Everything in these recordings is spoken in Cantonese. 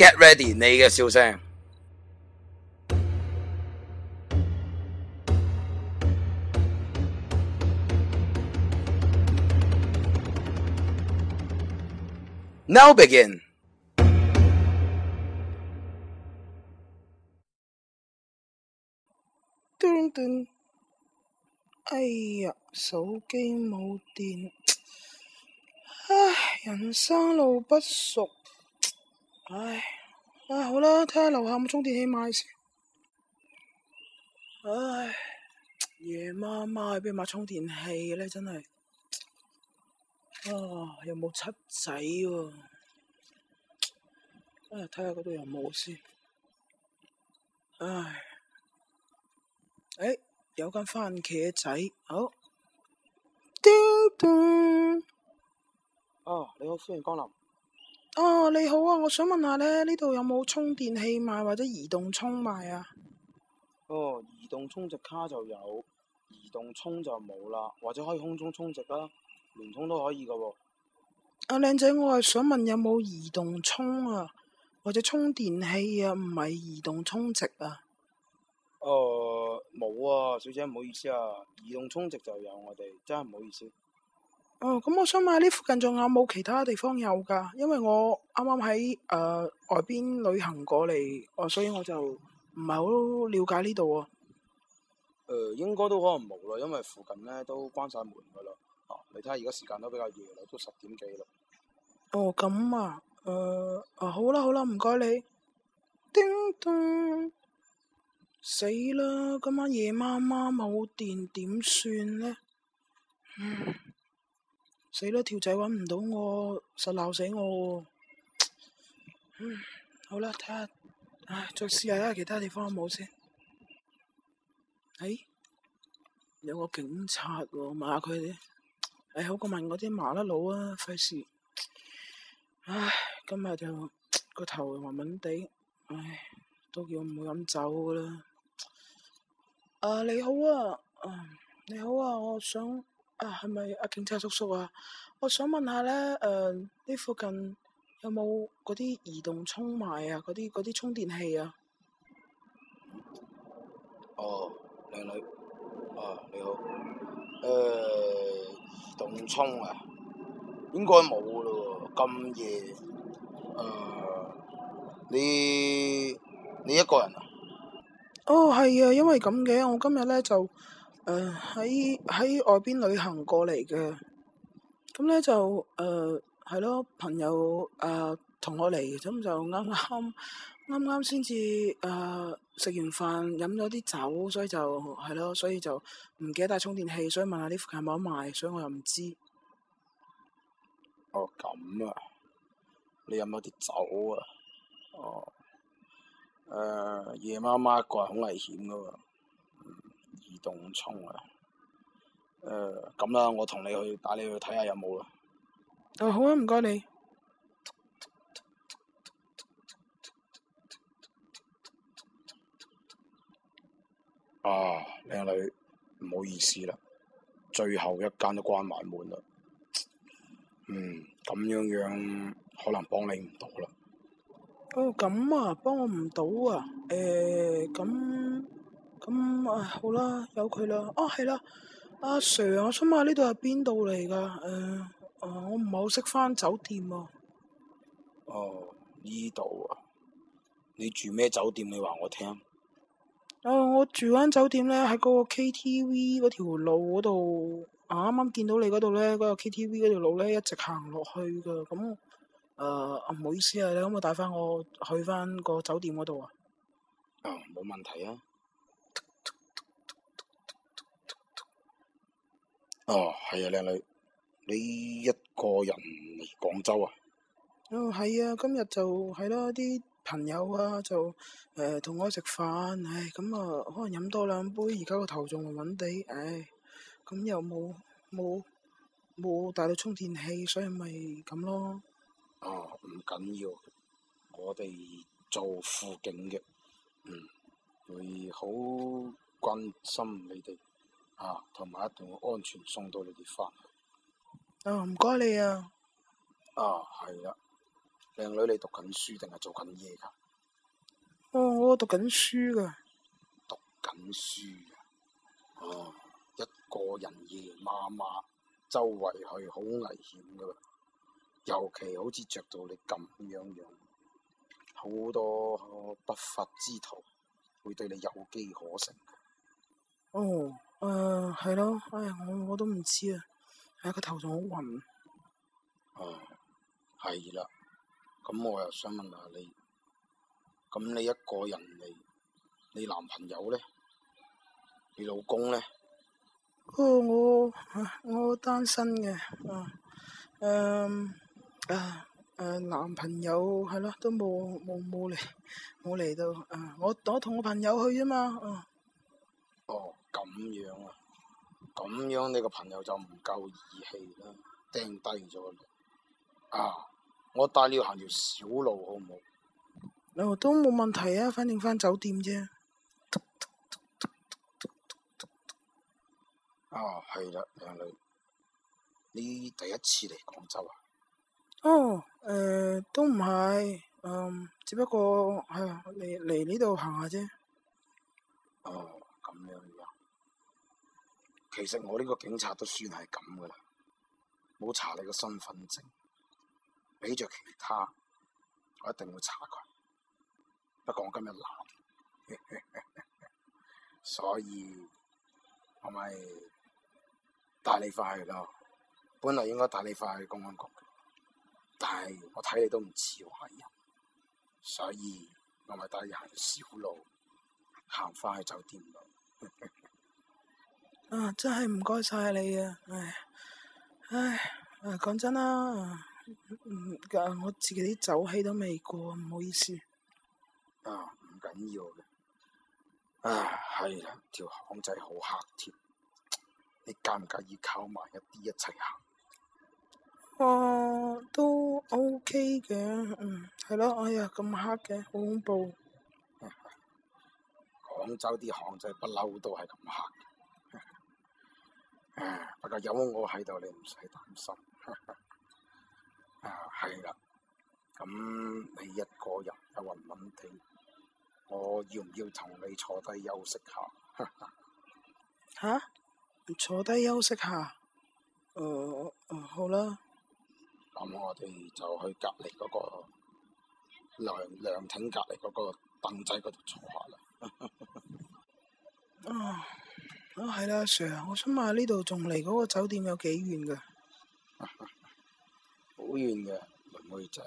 Get ready，你嘅笑聲。Now begin。哎呀，手機冇電，唉，人生路不熟。唉,唉，好啦，睇下樓下有冇充電器買先。唉，夜媽媽去邊買充電器咧？真係，啊又冇七仔喎，啊睇下嗰度有冇先。唉，誒有間、啊、番茄仔，好。叮咚，哦你好，歡迎光臨。哦，你好啊！我想問下咧，呢度有冇充電器賣或者移動充賣啊？哦，移動充值卡就有，移動充就冇啦，或者可以空中充值啦、啊，聯通都可以噶喎、哦。阿靚仔，我係想問有冇移動充啊，或者充電器啊，唔係移動充值啊？哦，冇啊，小姐唔好意思啊，移動充值就有我哋，真係唔好意思。哦，咁我想問下呢，附近仲有冇其他地方有噶？因為我啱啱喺誒外邊旅行過嚟，哦，所以我就唔係好了解呢度啊。誒、呃，應該都可能冇啦，因為附近咧都關晒門噶啦。哦、啊，你睇下而家時間都比較夜啦，都十點幾啦。哦，咁啊，誒、呃，啊好啦好啦，唔該你。叮咚，死啦！今晚夜媽媽冇電點算呢？嗯。死啦！條仔搵唔到我，實鬧死我、啊。嗯，好啦，睇下，唉，再試下睇下其他地方冇先。哎，有個警察喎、哦，問，問下佢哋，哎，好過問我啲麻甩佬啊，費事。唉，今日就個頭暈暈哋，唉，都叫我唔好飲酒㗎啦。啊，你好啊，啊，你好啊，我想。啊，係咪阿警察叔叔啊？我想問下咧，誒、呃，呢附近有冇嗰啲移動充賣啊？嗰啲嗰啲充電器啊？哦，靚女，啊，你好，誒、呃，移動充啊，應該冇咯，咁夜，誒、呃，你你一個人啊？哦，係啊，因為咁嘅，我今日咧就。誒，喺喺、uh, 外邊旅行過嚟嘅，咁、嗯、咧就誒係咯，朋友誒同、呃、我嚟，咁、嗯、就啱啱啱啱先至誒食完飯飲咗啲酒，所以就係咯，所以就唔記得帶充電器，所以問下呢附近有冇得賣，所以我又唔知。哦，咁啊，你飲咗啲酒啊？哦，誒、呃，夜媽媽過係好危險噶。凍瘡啊！誒、呃，咁啦，我同你去帶你去睇下有冇啦。哦，好啊，唔該你。啊，靚女，唔好意思啦，最後一間都關埋門啦。嗯，咁樣樣可能幫你唔到啦。哦，咁啊，幫我唔到啊。誒、呃，咁。咁唉好啦，有佢啦。哦係啦，阿、啊、Sir，我想問下呢度係邊度嚟噶？誒，哦、呃呃，我唔係好識翻酒店啊。哦，呢度啊？你住咩酒店？你話我聽、呃。啊，我住間酒店咧，喺嗰個 KTV 嗰條路嗰度。啊啱啱見到你嗰度咧，嗰、那個 KTV 嗰條路咧，一直行落去噶。咁、嗯，誒、呃，唔好意思啊，你可唔可以帶翻我去翻個酒店嗰度啊？啊、呃，冇問題啊。哦，係啊，靚女，你一個人嚟廣州啊？哦，係啊，今日就係啦。啲朋友啊，就誒同我食飯，唉，咁啊可能飲多兩杯，而家個頭仲暈暈地，唉，咁又冇冇冇帶到充電器，所以咪咁咯。啊，唔緊要，我哋做輔警嘅，嗯，會好關心你哋。啊，同埋一定要安全送到你哋翻。啊、哦，唔該你啊。啊，係啦，靚女你，你讀緊書定係做緊嘢㗎？哦，我讀緊書㗎。讀緊書啊！哦、啊，一個人夜媽媽，周圍去好危險㗎。尤其好似着到你咁樣樣，好多不法之徒會對你有機可乘。哦。誒係咯，唉、uh, 哎，我我都唔知啊！啊、哎，個頭仲好暈。哦，係啦。咁我又想問下你，咁你一個人嚟？你男朋友咧？你老公咧？哦，我嚇、啊，我單身嘅，啊，誒、啊，啊，誒、啊啊、男朋友係咯，都冇冇冇嚟，冇嚟到，啊，我我同我朋友去啊嘛，啊。哦。咁樣啊，咁樣你個朋友就唔夠義氣啦，掟低咗啦。啊，我帶你行條小路好唔好？哦，你話都冇問題啊，反正翻酒店啫。啊，係啦，靚女，你第一次嚟廣州啊？哦，誒，都唔係，嗯，只不過係嚟嚟呢度行下啫。其實我呢個警察都算係咁噶啦，冇查你個身份證，俾着其他，我一定會查佢。不過我今日懶， 所以我咪帶你翻去咯。本來應該帶你翻去公安局嘅，但係我睇你都唔似壞人，所以我咪帶你行小路行翻去酒店咯。 啊！真係唔該晒你啊！唉，唉，講、啊、真啦，唔，啊，我自己啲酒氣都未過，唔好意思。啊，唔緊要嘅。啊，係啦、啊，條巷仔好黑添，你介唔介意靠埋一啲一齊行？哦、啊，都 OK 嘅，嗯，係咯，哎呀，咁黑嘅，好恐怖。啊、廣州啲巷仔不嬲都係咁黑。不過、啊、有我喺度，你唔使擔心呵呵。啊，係啦，咁、嗯、你一個人又穩唔穩定？我要唔要同你坐低休息下？吓，坐低休息下？誒、呃呃、好啦。咁、嗯、我哋就去隔籬嗰個涼涼亭隔籬嗰個凳仔嗰度坐下啦。 啊！我係啦，阿、哦、Sir，我想問下呢度仲離嗰個酒店有幾遠噶？好遠噶，妹妹仔。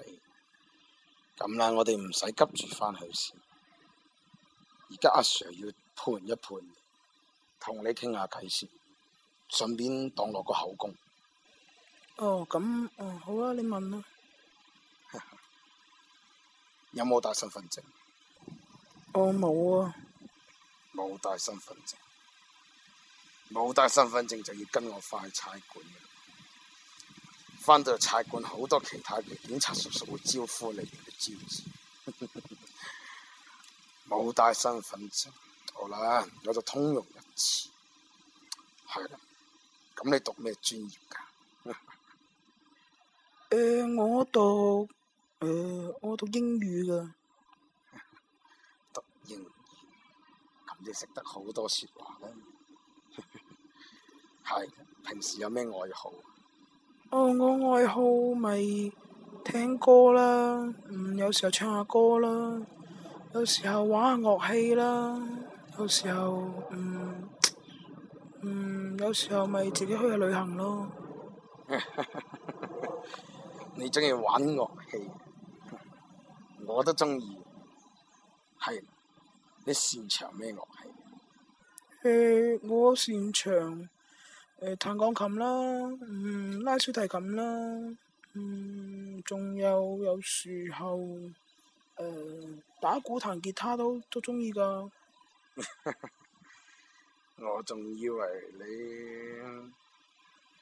咁啦，我哋唔使急住翻去先。而家阿 Sir 要判一判，同你傾下偈先，順便當落個口供。哦，咁，哦，好啊，你問啦、啊。 有冇帶身份證？我冇、哦、啊。冇帶身份證。冇帶身份證就要跟我翻去差館嘅，翻到去差館好多其他嘅警察叔叔會招呼你嘅，招呼。冇帶身份證，好啦，我就通融一次。係啦，咁你讀咩專業噶？誒、 呃，我讀誒、呃，我讀英語噶， 讀英語，咁你識得好多說話啦。係，平時有咩愛好？哦，oh，我愛好咪聽歌啦、嗯，嗯，有時候唱下歌啦，有時候玩下樂器啦，有時候嗯嗯，有時候咪自己去下旅行咯。 你中意玩樂器？我都中意。係，你擅長咩樂器？誒，uh，我擅長。誒、呃，彈鋼琴啦，嗯，拉小提琴啦，嗯，仲有有時候誒、呃，打鼓彈吉他都都中意噶。 我仲以為你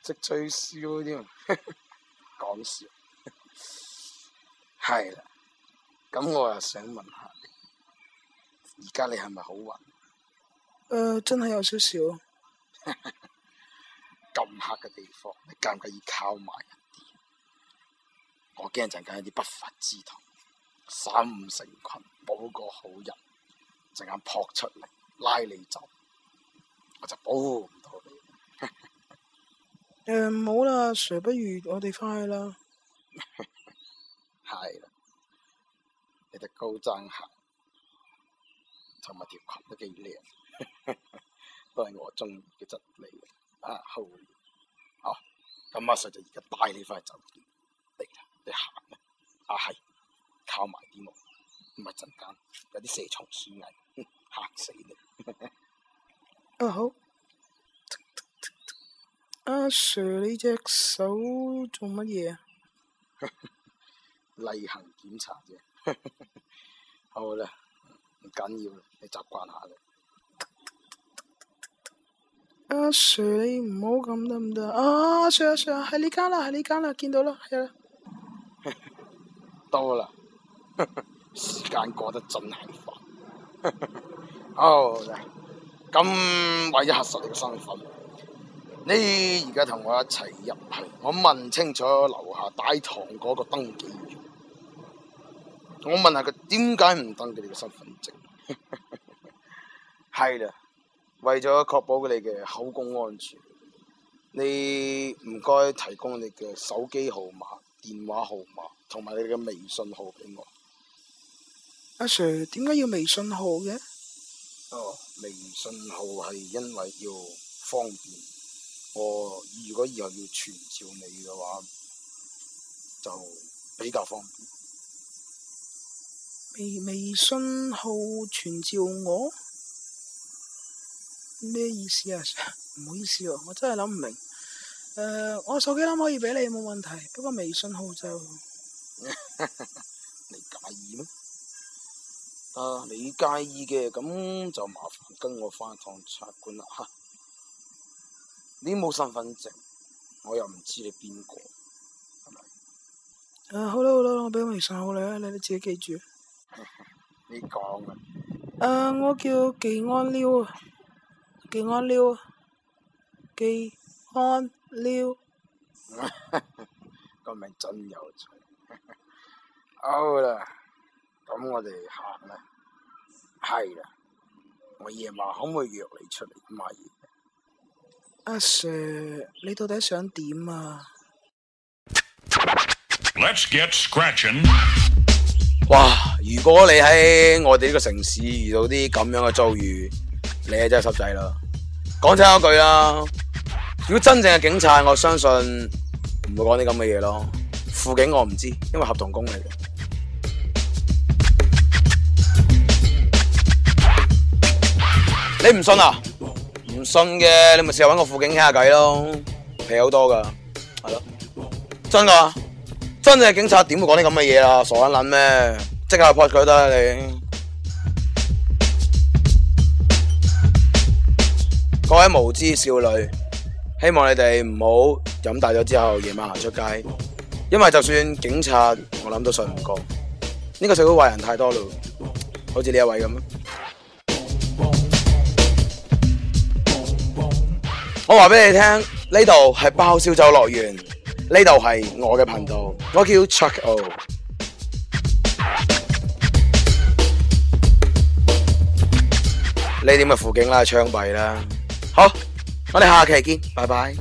識吹簫添，講笑說。係笑笑啦，咁我又想問，問下你，而家你係咪好暈？誒、呃，真係有少少。咁黑嘅地方，你介唔介意靠埋一啲？我驚陣間有啲不法之徒，三五成群保個好人，陣間撲出嚟拉你走，我就保護唔到你了。誒、 嗯，唔好啦，Sir，不如我哋翻去啦。係啦， 你對高踭鞋同埋條裙都幾靚， 都係我中意嘅質味。啊，好，哦、啊，咁、嗯、阿、啊、Sir 就而家帶你翻去酒店嚟啦，你行啦、啊，啊係，靠埋啲我，唔係陣間有啲蛇蟲鼠蟻嚇死你。呵呵啊好，阿、啊、Sir 你隻手做乜嘢啊？例 行檢查啫，好啦，唔緊要啦，你習慣下啦。阿 Sir，唔好咁得唔得？啊，上啊上啊，喺呢間啦，喺呢間啦，見到啦，係啦， 到啦了， 時間過得真係快。哦、 oh, yeah.，咁為咗核實你嘅身份，你而家同我一齊入去，我問清楚樓下大堂嗰個登記員，我問下佢點解唔登記你嘅身份證，係 啦。 為咗確保你嘅口供安全，你唔該提供你嘅手機號碼、電話號碼同埋你嘅微信號俾我。阿 Sir，點解要微信號嘅？哦，微信號係因為要方便，我如果以後要傳召你嘅話，就比較方便。微微信號傳召我？咩意思啊？唔好意思喎，我真係諗唔明。誒，我手機 number 可以俾你冇問題，不過微信號就好，你介意咩？啊，你介意嘅，咁就麻煩跟我返一趟差館啦吓。你冇身份證，我又唔知你邊個，係咪？誒，好啦好啦，我俾微信號你，你你自己記住。你講啊？誒，我叫紀安溜啊。記安了，記安了。個 名真有趣。 好啦，咁我哋行啦。係啊，我夜晚可唔可以約你出嚟買嘢？阿 Sir 你到底想點啊？Let's get scratching！哇，如果你喺我哋呢個城市遇到啲咁樣嘅遭遇，你啊真係濕仔啦～講真一句啦，如果真正嘅警察，我相信唔會講啲咁嘅嘢咯。輔警我唔知，因為合同工嚟嘅。 你唔信啊？唔信嘅，你咪試下搵個輔警傾下偈咯，平好多噶。係咯，真噶，真正嘅警察點會講啲咁嘅嘢啊？傻撚撚咩？即刻扑佢啦你！各位無知少女，希望你哋唔好飲大咗之後夜晚行出街，因為就算警察，我諗都信唔過，呢個社會壞人太多啦，好似呢一位咁。 我話俾你聽，呢度係爆笑酒樂園，呢度係我嘅頻道，我叫 Chuck O。呢點嘅輔警啦，槍斃啦。 好，我哋下期見，拜拜。